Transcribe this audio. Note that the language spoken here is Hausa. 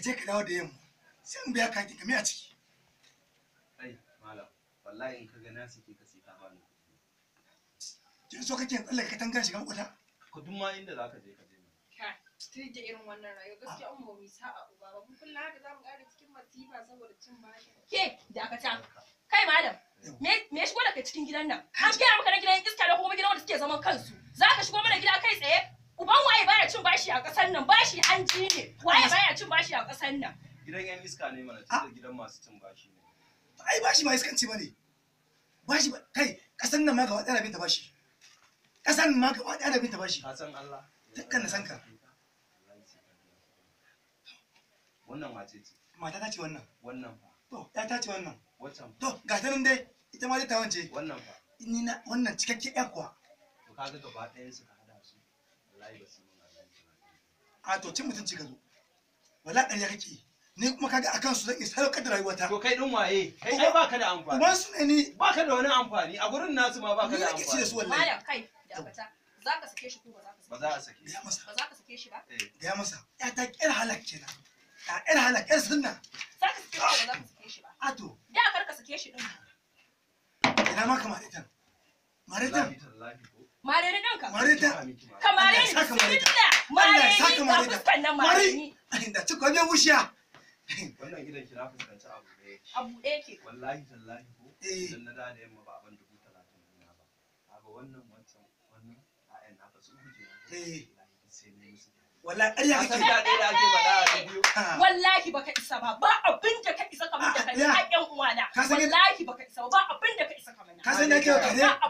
ka je ka dawo da yamma sai in biya ka ki kame a ciki Ai, malam wallahi in ka ga na sike ka sai ka ba ni kin so kake tsallaka katangar shiga kwata ku duk ma inda zaka je ka je tun da irin wannan rayuwa gaskiya an ba mu sa'a uba ba mu kullum haka zamu ƙara cikin masifa saboda cin bashi ke da aka ta kai malam me me shigo da kai cikin gidan nan an gaya maka na gidan iska da kuma gidan wanda suke zaman kansu zaka shigo mana gida kai tsaye cin bashi a ƙasar nan bashi hanji ne waye baya cin bashi a ƙasar nan gidan yan iska ne mana ah. tunda gidan masu cin bashi ne ai bashi ba iskanci bane bashi ba kai ƙasar nan ma gaba ɗaya rabin ta bashi ƙasar nan ma gaba ɗaya rabin ta bashi ka san Allah dukkan na san ka wannan wace ce mata ta ce wannan wannan to ya ta ce wannan to ga ta nan dai ita ma ta wance wannan fa ni na wannan cikakke ƴa kuwa to kaga gaba ɗayan su a to cin mutunci ka zo wala ɗan ya kake ni kuma kaga akan su zan iya sadaukar da rayuwata to kai ɗin waye kai ai baka da amfani uban su ne ni baka da wani amfani a gurin nasu ma baka da amfani ni yake ce su wallahi malam kai dakata za ka sake shi ko ba za ka sake shi ba za ka sake shi ba eh. ga masa ya ta kira halak kenan ta kira halak kira sunna za ka sake shi ba za ka sake shi ba a to da kar ka sake shi ɗin. ina ma kamar ita maritan Mare da kanka. Mare da. Ka mare ni. Saka mare da. Mare ni. Saka mare da. mare ni. ci kwabe wushiya. Wannan gidan ki na fuskanci abu yake, Abu ɗaya yake. Wallahi tallahi ko. Eh. Idan na da da yamma ba abin dubu talatin na ba. Kaga wannan wancan wannan a ƴaƴan naka su huje. Eh. Sai ne musu. Wallahi ƙarya kake. Sai da ɗaya ake faɗa a biyu. Wallahi baka isa ba. Ba abin da ka isa kamar da ah, kai. Haƙƙin uwana. Wallahi baka isa ba. Ba abin da ka isa kamar na. Ka san da kyau ka